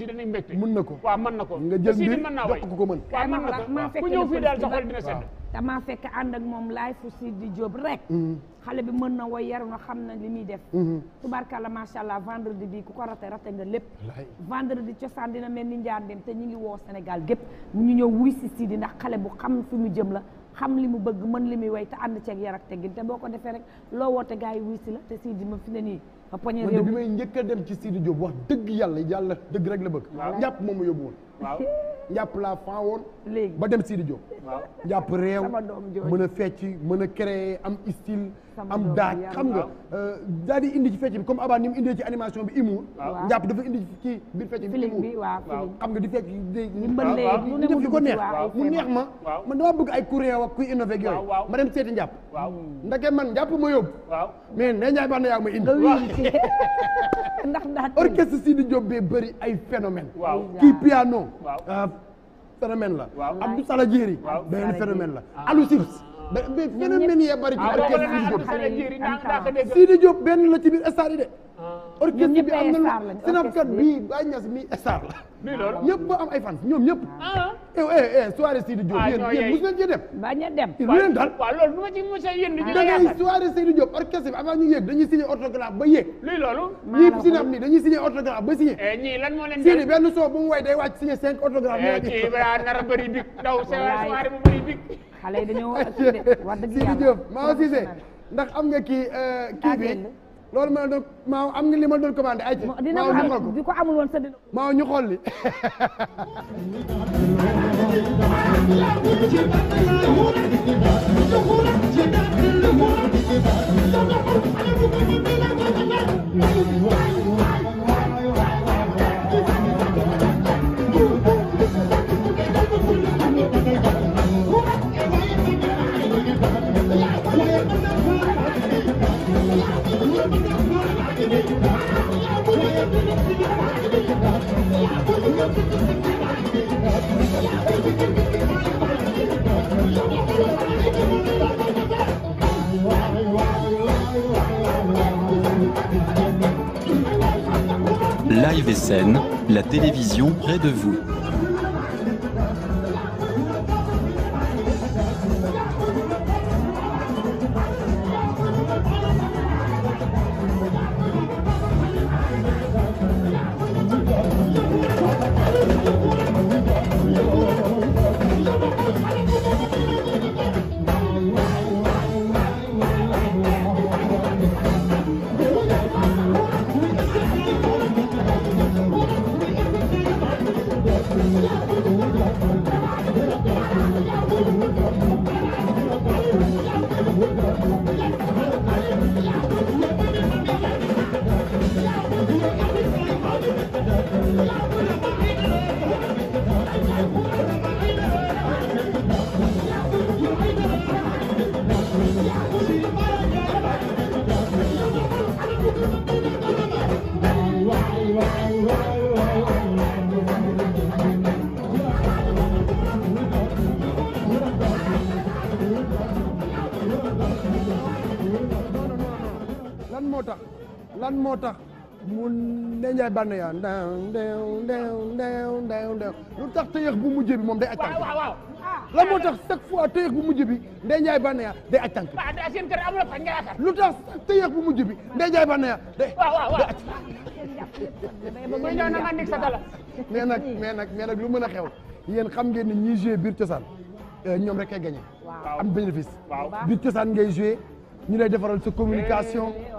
si dañuy mbégte mën na ko waaw mën na ko nga jël mbir jox ko ko mën waaw mën na ko ku ñëw fii daal sa xol dina sedd damaa fekk ànd ak moom laay fu Sidi Diop rek mm-hmm. xale bi mën na woy yaru na xam na li muy def la macha allah vendredi bi ku ko rate rate nga lépp vendredi cosaan dina mel ni njaar dem te ñu ngi woo Sénégal gépp ñu ñëw wuy si Sidi ndax xale bu xam fi mu jëm la xam li mu bëgg mën li muy way te ànd ceeg yar ak gin te boo ko defee rek loo woote gars yi wuy si la te Sidi ma fi nii ma poñe réew bi may njëkk a dem ci Sidi Diop wax dëgg yàlla yàlla dëgg rek la bëgg. waaw jàpp moom ma yóbbu waaw njàpp laa fan woon ba dem Sidi Diop njàpp réew mën a fecc mën a créer am style am daaj xam nga euh, daal di indi ci fecc bi comme Abba ni mu indee ci animation bi humour njàpp dafa indi ci biir fecc bi humour xam nga di fecc di def li ko mu neex ma man bëgg ay ku réew ak kuy innové ak yooyu ma dem seeti njàpp hmm. ndake man njàpp ma yóbbu mais ne ñaay baax na yaa ma indi ndax ndax orchestre Sidi Diop bee bëri ay phénomène kii piano waaw euh, phénomène la. waaw Abdou Salah Diéri. waaw beneen phénomène la ah. Aliou Ciss. mais phénomène yee bari ci orchestre ah, Sidi Diop. Sidi Diop benn la ci biir stade Ah. orchestre bi am na lu sinapkat bii Baye Niass mi star la ñëpp ba am ay fans ñoom ñëpp ah. eh, eh eh soirée Sidi Diop ah, yéen yéen mos leen ci dem bañ a dem lu leen dal waaw loolu ma ci mos a yéen da ngay soirée Sidi Diop orchestre bi avant ñu yéeg dañuy signé autographe ba yéeg luy loolu ñii sinap ni dañuy signé autographe ba signé eh, ñii lan moo leen Sidi benn soo bu mu way day wàcc signé cinq autographe ñi eh, nar a bëri big daw soirée bu bëri big xale yi dañoo wax dëgg yàlla Sidi Diop maa Cissé ndax am nga kii euh, kii bi loolu ma doon maa am nga li ma doon commandé ay ci dina ko am bi ko amul woon sa dina maa ñu xool li ci scène, la télévision près de vous. moo tax mu Ndeye Ndiaye bànn yaa ndew ndew ndew ndew ndew lu tax tëyëx bu mujj bi moom day aj tànk la moo tax chaque fois tëyëx bu mujj bi Ndeye Ndiaye bànn yaa day aj lu tax tëyëx bu mujj bi Ndeye Ndiaye bànn yaa day aj mais nag mais nag mais nag lu mën a xew yéen xam ngeen ni ñiy joué biir cosaan euh, ñoom rek ay gagné am bénéfice biir cosaan ngay joué ñu lay defaral sa communication eh,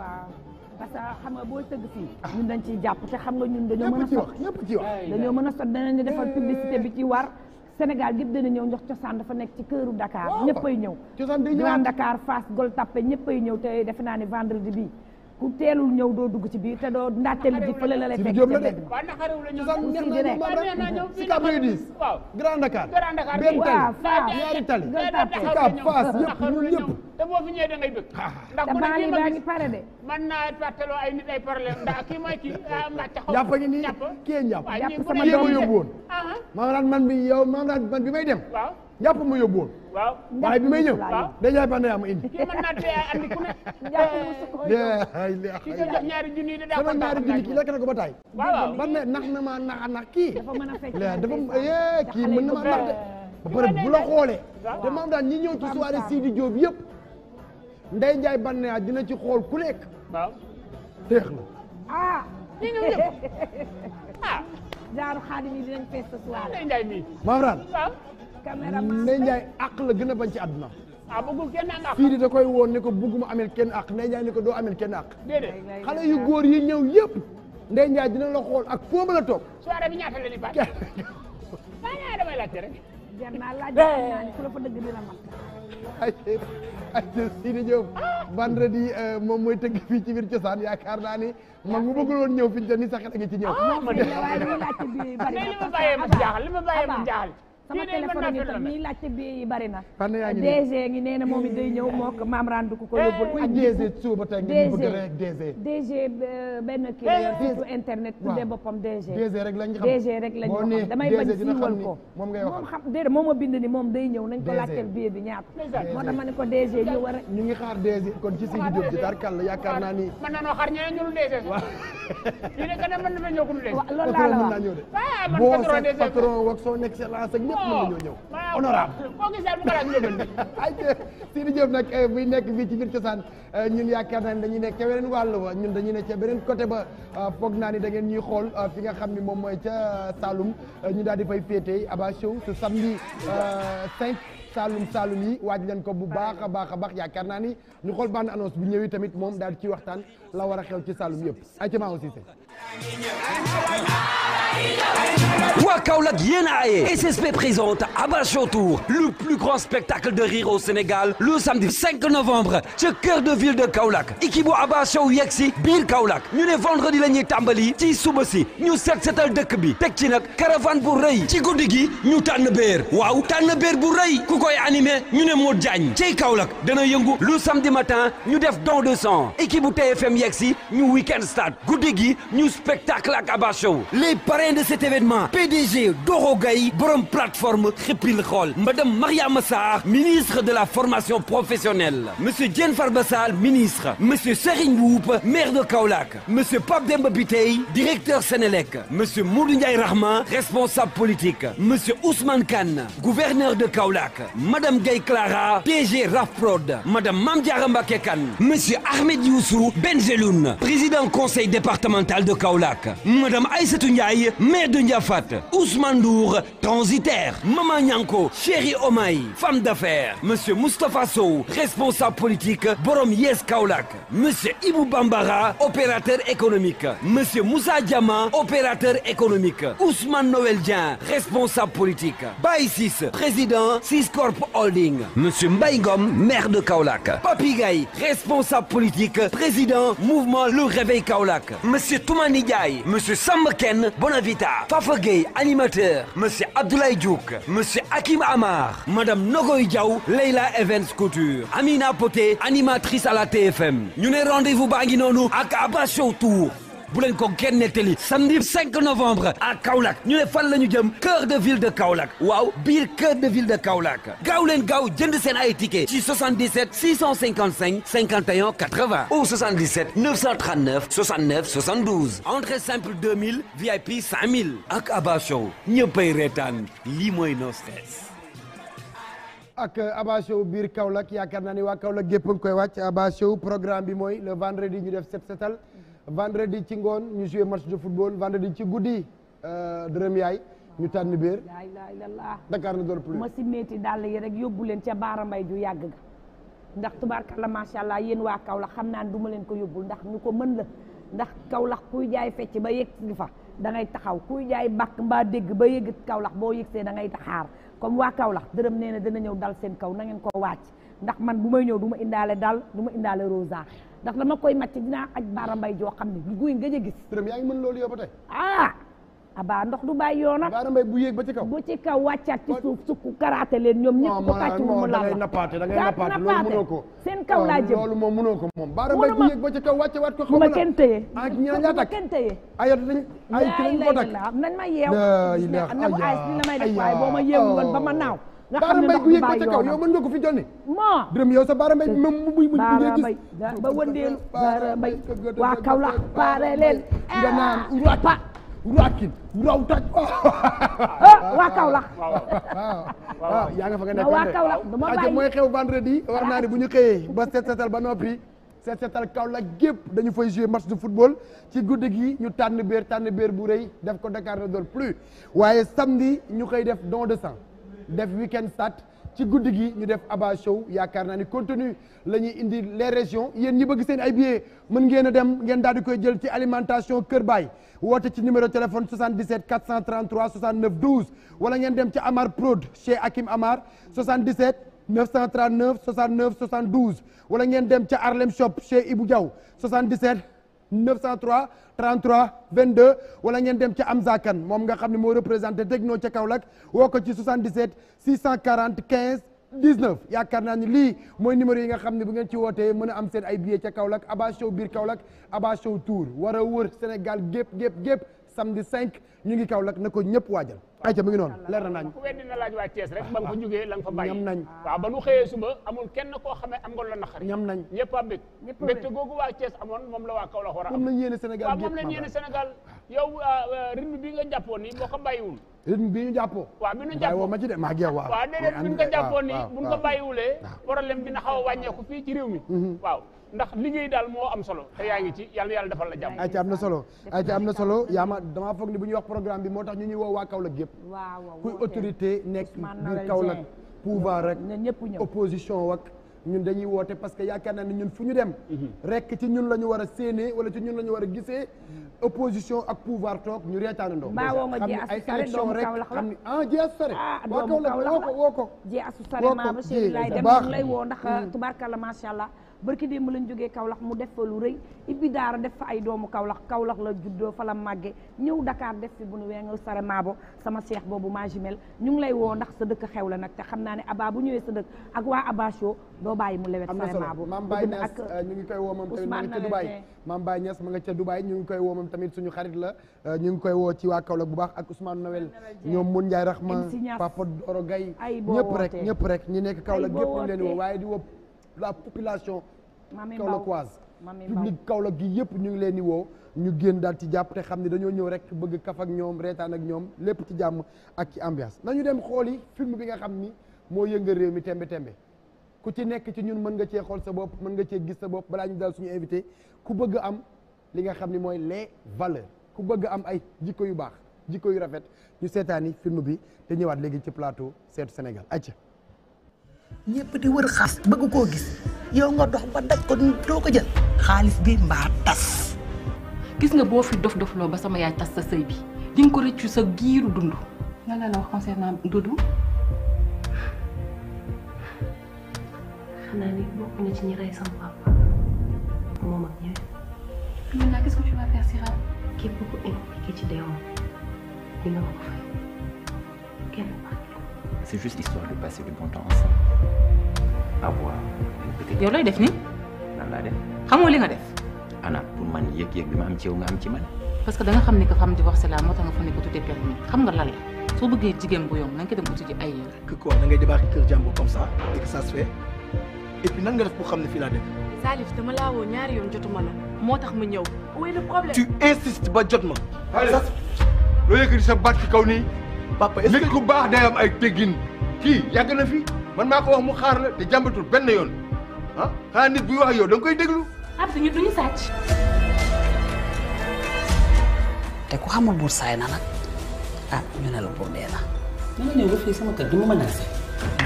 sa xam nga booy tëgg fii ñun dañ ciy jàpp te xam nga ñun dañoo mën a sot ñëpp ci wax dañoo mën a sot danañu defal publicité bi ci war Sénégal gépp dana ñëw njox cosaan dafa nekk ci këru Dakar ñëpp ay ñëw cosaan day ñëw Dakar Fass Gueule Tapée ñëpp ay ñëw te defe naa ne vendredi bii ku teelul ñëw doo dugg ci biir te doo ndaateel ji fële la lay fekk ci mbedd ma si Cap Régis Grand Dakar benn tali ñaari tali Sicap Fass ñëpp ñun ñëpp te boo fi ñëwee da ngay bëgg ndax ku ne kii ma ngi pare de man naa fàttaloo ay nit ay problème ndax kii mooy kii jàpp ngi nii kii njàpp sama woon man bi man bi may dem ñàpp ma yóbbu woon. waaw waaye bi may ñëw. dañu ma indi. kii mën naa tee andi ku ne. ñàpp mu sukk eh, eh, eh, kii a nax kii. dafa mën a fekk kii mën na maa nax ba pare bu la xoolee. te maam daal ñi ñëw ci soirée Sidi Diop yëpp. nday jaay bànneex dina ci xool ku nekk. waaw. teex na. ah. ñu ah. yi Ndeye Ndiaye àq la gën a bañ ci àdduna ah bëggul kenn àq fii di da koy woon ni ko bugguma amel kenn àq Ndeye Ndiaye ni ko doo amel kenn àq déedéet xale yu góor yi ñëw yëpp Ndeye Ndiaye dina la xool ak foo mën a toog soirée bi ñaata la ni baax maa ñaa damay rek jar naa laaj eh. ku la fa dëgg dina mag ay ay Sidi Diop vendredi euh, moom mooy tëgg fii ci biir cosaan yaakaar naa ni mag mu bëggul woon ñëw fi ñu te ni sax xel a ngi ci ñëw ah, li ma bàyyee mu jaaxal li ma bàyyee mu jaaxal sama téléphone yi tam ñiy laajte bii yi bari na. fan yaa ngi DG ngi nee na moom it day ñëw mook maam randu ku ko yóbbul. Eh, ak DG suba tey ngeen bëgg rek DG. DG eh, benn kii eh, surtout internet. waaw tuddee boppam DG. DG rek lañ xam DG rek lañ xam damay bañ siiwal ko. moom ngay wax moom xam déedéet moom a bind ni moom day ñëw nañ ko laajteel bii bi ñaata. moo tax ma ne ko DG ñu war a. ñu ngi xaar DG kon ci Sidi Diop jotaar kàll yaakaar naa ni. mën nañoo xaar ñeneen ñu dul DG. waaw yéen a gën a mën na ñëw ku dul DG. waaw loolu laa la wax ah, patron wax son excellence ak ñëpp mën nañoo ñëw honorable ay Sidi Diop nag eh, buy nekk fii ci biir cosaan eh, ñun yaakaar naa ne dañuy nekk ca beneen wàll wa ñun dañuy nekk ca beneen côté ba eh, foog naa ni da ngeen ñuy xool fi nga xam ni moom mooy ca Saloum ñu daal di fay féetee Abba Show ce samedi 5 Saloum Saloum yi waaj leen ko bu baax a baax a baax yaakaar naa ni ñu xool bande annonce bu ñëwee tamit moom daal di ci waxtaan la war a xew ci Saloum yëpp ay ca maa aussi Poids Kaolack yéen a aye SSP présente Abache Autour le plus grand spectacle de rire au Sénégal le samedi 5 novembre ca cœur de ville de Kaolack équipe bu Abache Show yegsi biir Kaolack ñu ne vendredi la ñuy tàmbali ci suba si ñu set setal dëkk bi teg ci nag caravane bu rëy ci guddi gi ñu tànn beer waaw tànn beer bu rëy ku koy animé ñu ne moo jaañ ci Kaolack dana yëngu le samedi matin ñu def don de sang équipe bu TFM yegsi ñu weekend start guddi gi ñu spectacle ak parrain de cet événement PDG Doro Gaye borom plateforme Xëppil Xool madame Mariama Sarr ministre de la formation professionnelle monsieur Diène Farba Sall ministre monsieur Serigne Mboup maire de Kaolack monsieur Pape Demba Bitèye directeur Sénélec monsieur Modou Ndiaye responsable politique monsieur Ousmane Kane gouverneur de Kaolack madame Gaye Clara DG Rafprod madame Mame Diarra Mbacké Ahmed Youssou Benjeloun président conseil départemental de Kaolack madame Aïssatou maire de Ndiafate Ousmane Ndour transitaire Mama Nyanko Chéri Omay femme d'affaires monsieur Moustapha Sow responsable politique Borom Yes Kaolack m Ibou Bambara opérateur économique monsieur Moussa Diama opérateur économique Ousmane Noël Dieng responsable politique Baye Ciss président Ciss Corp Holding monsieur Mbaye maire de Kaolack Papi Gaye responsable politique président mouvement Le Réveil Kaolack monsieur Toumani Ndiaye monsieur Vita Fafa Gueye animateur monsieur Abdoulaye Diouk monsieur Hakim Amar madame Nogoy Diaw Leila Evans Couture Amina Poté animatrice à la TFM ñu ne rendez-vous baa ngi noonu ak Abba Show Tour bu leen ko kenn nettali samedi 5 novembre à Kaolack ñu ne fan la ñu jëm cœur de ville de Kaolack waaw biir cœur de ville de Kaolack gaaw leen gaaw jënd seen ay ticket ci 77 655 51 80 ou 77 939 69 72 entrée simple 2000 VIP 5000 ak Abba Show ñëppay reetaan lii mooy no stress. ak euh, Abba Show biir Kaolack yaakaar naa ne waa Kaolack gépp a ngi koy wàcc Abba Show programme bi mooy le vendredi ñu def set setal. vendredi ci ngoon ñu joué match de football vendredi ci guddi euh, dërëm yaay ñu tànn biir laa ilaaha illallaah Dakar ne dort plus ma si metti dàll yi rek yóbbu leen ca baara mbay ju yàgg ga ndax la macha allah yéen waa Kaolack xam naa ne du leen ko yóbbul ndax ñu ko mën la ndax Kaolack kuy jaay fecc ba yegg si fa dangay taxaw kuy jaay bàkk mbaa dégg ba yegg kawlax boo yegsee da ngay taxaar comme waa Kaolack dërëm nee na dana ñëw dal seen kaw na ngeen ko wàcc ndax man bu may ñëw du ma indaale dal du ma indaale rosa ndax ma koy màcc dinaa aj baara mbay joo xam ne lu guy nga gis. Birame yaa man loolu yow ba aa ah abaa ndox du bàyyi yoon baara mbay bu yéeg ba ci kaw. bu ci kaw wàccaat ci suuf sukk karaate leen ñoom ñëpp ko kàcc mu la da ngay nappaate da ngay nappaate loolu mënoo ko seen kaw laa oh, jëm loolu moom mënoo ko moom baara mbay bu ci kaw wàcce waat ko. ma kenn tëye ak ah, ñi la tak kenn tëye ay ay ki lañ ko tak nañ ma yeew na bu ay li la may def waaye boo ma yeewu woon ba ma oh. naaw nga xam ne ndox du bàyyi yoonam yow mën ko fi jonni moo dërëm yow sa baara mbay même wëndeelu waa Kaolack baare eh, eh, waaw ah, yaa nga fa nga nekk waa Kaolack dama bàyyi mooy xew war naa ne bu ñu xëyee ba seet seetal ba noppi seet seetal Kaolack gépp dañu fay jouer match de football ci guddi gi ñu tànn béer tànn béer bu rëy def ko Dakar ne dort plus waaye samedi ñu koy def don de sang def weekend start ci guddi gi ñu def Abba Show yaakaar naa ni contenu la indi les région yéen ñi bëgg seen ay billets mën ngeen a dem ngeen daal di koy jël ci alimentation Kër Baay woote ci numéro téléphone 77 433 69 wala ngeen dem ci Amar Prod chez Akim Amar 77 939 69 wala ngeen dem ca Harlem Shop chez Ibou Diaw 903 33 22 wala ngeen dem ca am Kan moom nga xam ne moo représenté Techno ca Kaolack woo ko ci 77 640 15 19 yaakaar naa ni lii mooy numéro yi nga xam ne bu ngeen ci wootee mën a am seen ay billets ca Kaolack Abba Show biir Kaolack Abba Show Tour war a wër Sénégal gépp gépp gépp samedi 5 ñu ngi Kaolack na ko ñëpp waajal. ayca mi ngi noonu leer na nañ ku weddi rek ba nga fa jógee fa bàyyi ñam nañ ba nu xëyee suba amul kenn koo xamee am nga la naqari ñam nañ ñëpp a bég mbégte googu waa Thiès amoon moom la waa Kaolack war a am moom lañ yéene Sénégal moom lañ yéene Sénégal yow euh, euh, rythme bi nga jàppoon ni boo ko bàyyiwul. rythme bi ñu jàppoo. waaw bi ñu jàppoo waaw ma ci de maa ngi waaw. waaw déedéet bi ñu ko jàppoon ni bu ñu ko bàyyiwulee. problème dina xaw a wàññeeku fii ci réew mi. Mhm. waaw ndax liggéey daal moo am solo te yaa ngi ci yàlla yàlla defal la jàmm. ayca am na solo ayca am na solo yaa ma damaa foog ni bu ñuy wax programme bi moo tax ñu ñuy woo waa Kaolack yëpp. waaw waaw kuy autorité nekk biir Kaolack. pouvoir rek opposition wak ñun dañuy woote parce que yaakaar naa ne ñun fu ñu dem. Mhm. rek ci ñun la ñu war a séenee wala ci ñun la ñu war a gisee. opposition ak pouvoir toog ñu reetaanandoo. mbaa woo ma jee asu sare doomu Kaolack la xam ne ah jee asu sare. ah doomu la woo woo ko. jee asu sare maa ba Cheikh Laye dem lay woo ndax mm. tubarkalla macha allah. barki démb lañ jógee Kaolack mu def fa lu rëy ibbi daara def fa ay doomu kawlax Kaolack la juddoo fa la màgge ñëw Dakar def fi bu nu weengal sare maabo sama seex boobu maa jumel ñu ngi lay woo ndax sa dëkk xew la nag te xam naa ne Aba bu ñëwee sa dëkk ak waa Aba Show doo bàyyi mu lewet sare maabo maam Baye Niass euh, ñu ngi koy woo moom tamit ma nga ca Dubaay maam Baye Niass ma nga ñu ngi koy woo moom tamit suñu xarit la euh, ñu ngi koy woo ci waa Kaolack bu baax ak Ousmane Noël ñoom mun Ndiaye Rahma Papa Oro Gaye ñëpp rek ñëpp rek ñu nekk Kaolack ñëpp ñu leen woo waaye di wopp la population kaolackoise public Kaolack gi yëpp ñu ngi leen di woo ñu génn daal ci jàpp te xam ne dañoo ñëw rek bëgg kaf ak ñoom reetaan ak ñoom lépp ci jàmm ak ci ambiance nañu dem xool yi film bi nga xam ni moo yëngal réew mi tembe tembe ku ci nekk ci ñun mën nga cee xool sa bopp mën nga cee gis sa bopp balaa ñu daal suñu invité ku bëgg am li nga xam ni mooy les valeurs ku bëgg am ay jikko yu baax jikko yu rafet ñu seetaani film bi te ñëwaat léegi ci plateau Seetu Sénégal acca ñëpp di wër xas bëgg koo gis yow nga dox ba daj ko doo ko jël xaalis bii mbaa tas gis nga boo fi dof dofloo ba sama yaay tas sa sëy bi di ko rëccu sa giiru dund lan la la wax concernant Doudou xanaa ni bokk na ci ñi rey sama papa moom ak ñëw maintenant qu'est-ce que tu vas faire Sira képp ku impliqué ci deewam dina c'est juste histoire de passer du bon temps ensemble. avoir une petite. yow looy def nii. nan laa def. xamoo li nga def. ana pour man yëg-yëg bi ma am ci yow nga am ci man. parce que da nga xam ni que femme divorcée la moo tax nga fa ne ko tuddee permis xam nga lan la soo bëggee jigéen bu yomb na nga ko dem uti ji ay yéen. que quoi da ngay débarquer kër jàmbur comme ça et que ça se fait et puis nan nga def pour xam ne fii laa def. Salif dama laa woo ñaari yoon jotuma la moo tax ma ñëw. où est le problème. tu insistes ba jot ma. ça loo yëkkati sa baat ci kaw nii. papa est que nit baax day am ay teggin kii yàgg na fi man maa ko wax mu xaar la te jàmbatul benn yoon ah xanaa nit buy wax yow da nga koy déglu. Abdou ñu duñu sàcc. te ku xamul buur saay na nag ah ñu ne la buur dee na. na nga ñëw ba fii sama kër du ma mën a se.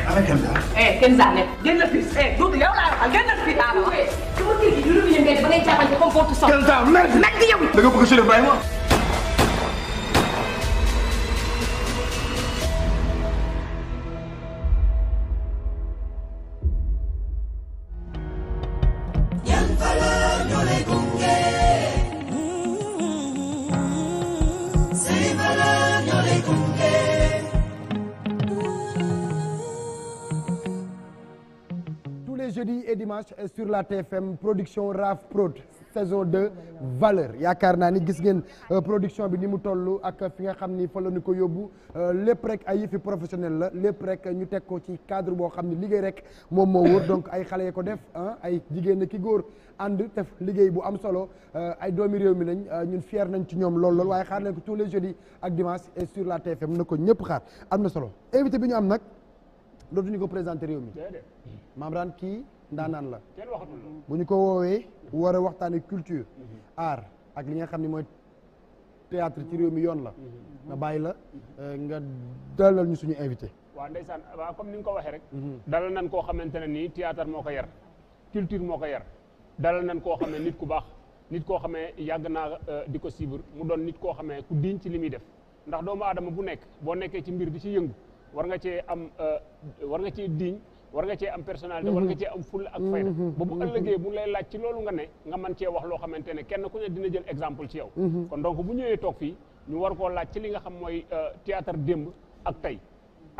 ala Kenza. eh Kenza nekk. génn fii eh laa waxal génn fii laa wax. Eh, su ma kii gi ñu ne nag yow. da nga bëgg a sori dimanche sur la TFM production Raf Prod saison 2 valeur yaakaar naa ni gis ngeen euh, production bi ni mu toll ak fi nga xam ni fa nu ko yóbbu euh, lépp rek ay yëfi professionnel la lépp rek ñu teg ko ci cadre boo xam ni liggéey rek moom moo wóor donc ay xale ko def ay jigéen ki góor ànd def liggéey bu am solo euh, ay doomi réew mi lañ ñun fier nañ ci ñoom lool lool waaye xaar nañ ko tous les jeudis ak dimanche et sur la TFM na ko ñëpp xaar am na solo invité bi ñu am nag dootuñu ko présenté réew mi ndaanaan la bu ñu ko woowee war a waxtaane culture aar ak li nga xam ne mooy théâtre ci réew mi yoon la mhm. nga bàyyi la euh, nga dalal ñu suñu invité waaw ndeysaan waaw comme ni nga ko waxee rek mhm. dalal nan koo xamante ne nii théâtre moo ko yar culture moo ko yar dalal nan koo nit ku baax nit koo xamee yàgg naa euh, di ko suivre mu doon nit koo xamee ku diñ ci li muy def ndax doomu aadama bu nekk boo nekkee ci mbir di ci yëngu war nga cee am euh, war nga cee war nga cee am personnalité war nga mhm. cee am fulla ak fayda mhm. ba bu ëllëgee bu lay laaj ci loolu nga ne nga mën cee wax loo xamante ne kenn ku ne dina jël exemple ci yow mhm. kon donc bu ñëwee toog fii ñu war koo laaj ci li nga xam mooy euh, théâtre démb ak tey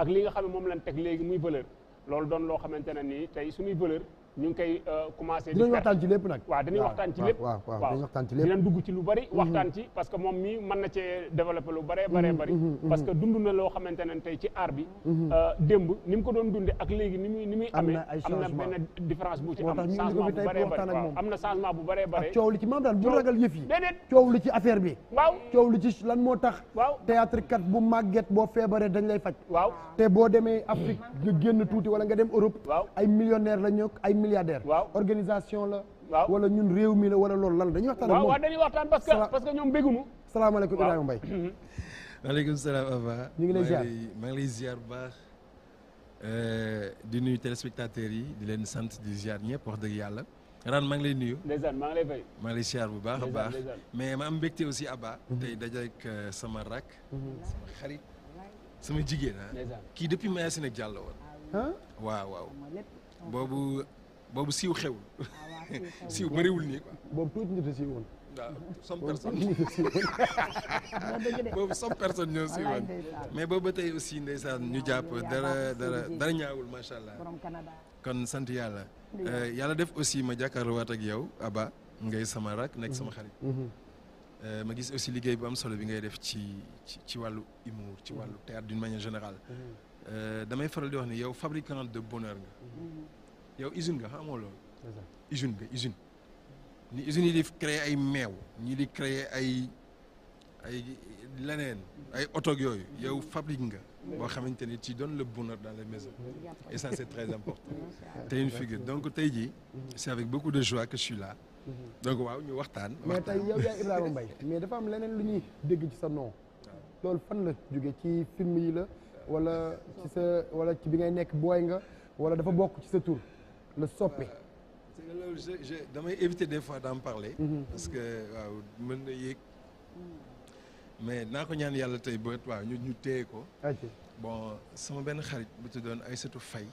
ak li nga xam ne moom lañ teg léegi muy valeur loolu doon loo xamante ne nii tey suñuy valeur ñu ngi koy euh, commencé. dinañ waxtaan ci lépp nag. waaw dinañ waxtaan ci lépp dinañ dugg ci lu bari. Mhm. waxtaan ci parce que moom mii mën na cee développé lu baree baree bari. Mhm, mhm, parce que dund na loo xamante ne tey ci aar bi. Euh, ni mu ko doon dunde ak léegi ni muy ni muy amee. am na benn différence bu ci am. changement bu baree baree waaw am coow li ci maam daal bu ragal yëf yi. coow li ci affaire bi. coow li ci lan moo tax. théâtre kat bu màgget boo feebaree dañ lay faj. waaw te boo demee Afrique nga génn tuuti wala nga dem Europe. waaw la milliardaire waaw organisation la waaw wala ñun réew mi la wala loolu lan dañuy waxtaan waaw waaw dañuy waxtaan parce que parce que ñoom bégguñu salaamaaleykum Ibrahima Mbaye waaleykum salaam Ava ñu ngi lay ziar maa ngi lay ziar bu baax euh, di nuyu téléspectateurs yi di leen sant di ziar ñëpp wax dëgg yàlla Rane maa ngi lay nuyu ndeysaan maa ngi lay fay maa ngi lay ziar bu baax a baax mais ma am mbégte aussi Aba mhm. tey dajeek euh, sama rak mhm. sama xarit sama jigéen ah kii depuis Mayacine ak Diallo woon waaw waaw boobu boobu siiw xewul ah, siiw bëriwul nii quoi. boobu tuuti personne ñoo siiwoon mais boobu ba tey aussi ndeysaan ñu jàpp dara dara dara ñaawul macha allah. kon sant yàlla. Euh, yàlla def aussi ma jàkkaarloowaat ak yow Aba ngay sama rak nekk sama mhm. xarit. Mhm. Euh, ma gis aussi liggéey bu am solo bi ngay def ci ci wàllu humour ci mhm. wàllu théâtre d'une manière générale. Euh, damay faral di wax ni yow fabricant de bonheur nga. yow usine nga xamoo loolu. usine nga usine. ni usine yi di créer ay meew ñi di créer ay ay leneen ay oto yooyu yow fabrique nga. boo xamante ni ci donne la bonheur dans les maisons. et ça c'est très important. te une figure donc tey jii. c'est avec beaucoup de joie que je suis donc waaw ñu waxtaan. mais tey yow yaay Ibrahima Mbaye mais dafa am leneen lu ñuy dégg ci sa nom. loolu fan la jóge ci film yi la. walla ci sa wala ci bi ngay nekk booy nga. wala dafa bokk ci sa tur. le soppe damay éviter des fois d'en parler mm-hmm. parce que waaw mën na yéeg mais naa ko ñaan yàlla tey bët waaw ñu ñu téye ko bon sama benn xarit bu tuddoon Aïssatou Faye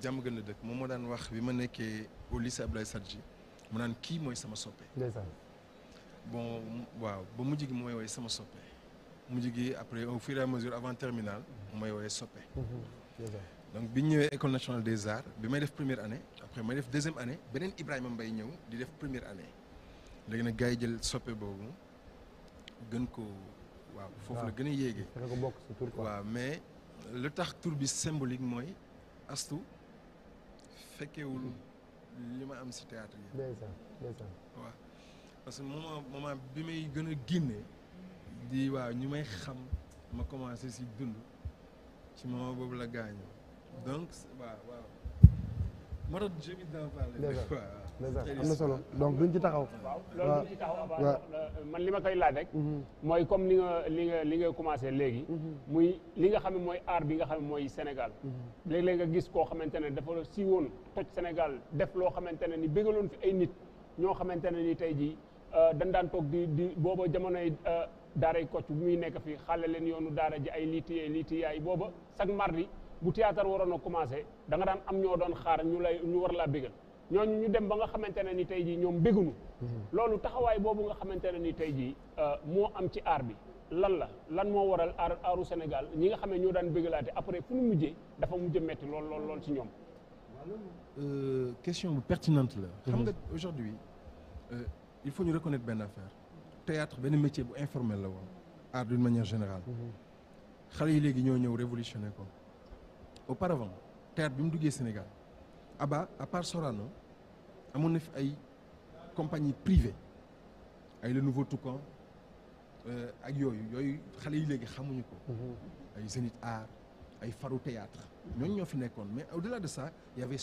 jàmm gën a dëkk moom moo daan wax bi ma nekkee au lycée Abdoulaye Sadji mu naan kii mooy sama soppe bon waaw ba mujj gi mooy woy sama soppe mujj gi après au fur et mesure avant terminal mm-hmm. mooy woy soppe mm-hmm. donc bi ñu ñëwee école nationale des arts bi may def première année après may def deuxième année beneen Ibrahima bay ñëw di def première année léegi nag gars yi jël soppe boobu gën ko waaw foofu la gën a yéegee waaw mais lu tax tur bi symbolique mooy astu fekkewul hmm. li ma am si théâtre yi waaw parce que moment moment bi may gën a génne di waaw ñu may xam ma commencé si dund ci moment boobu la gaañu donc waaw waaw. moo duñ ci taxaw. waaw loolu duñ euh, man li ma koy laaj rek. Mhm. mooy comme li nga li nga li nga commencé léegi. Mhm. muy li nga xam ne mooy aar bi nga xam ne mooy Sénégal. Mhm. léeg-léeg nga gis koo xamante ne dafa si toj Sénégal def loo xamante ne ni bégaloon fi ay nit ñoo xamante ne ni tey jii euh, dañ daan toog di di booba jamonoy euh, daaray Kocc bu muy nekk fii xale leen yoonu daara ji ay litiyaay litiyaay booba chaque mardi. bu théâtre waroon a commencé danga daan am ñoo doon xaar ñu lay ñu war laa bégal ñooñu ñu dem ba nga xamante ne ni tey jii ñoom bégunu mhm. loolu taxawaay boobu nga xamante ne ni tey jii euh, moo am ci aar bi lan la lan moo waral aar aaru Sénégal ñi nga xam ne ñoo daan bégalaate après fu mu mujjee dafa mujj metti lool lool lool ci ñoom. waaw euh, question bu pertinente la. xam mhm. nga aujourd'hui euh, il faut ñu reconnaître benn affaire. théâtre benn métier bu informel la woon. art d'une manière générale. Mhm. yi léegi ñoo ñëw révolutionné ko. auparavant théâtre bi mu duggee Sénégal Abba à part Sorano amoon na fi ay compagnie privée ay le nouveau Toucan euh, ak yooyu yooyu xale yi léegi xamuñu ko mhm. ay Zénith Art ay Faro Théâtre ñooñu ñoo fi nekkoon mais au-delà de ça il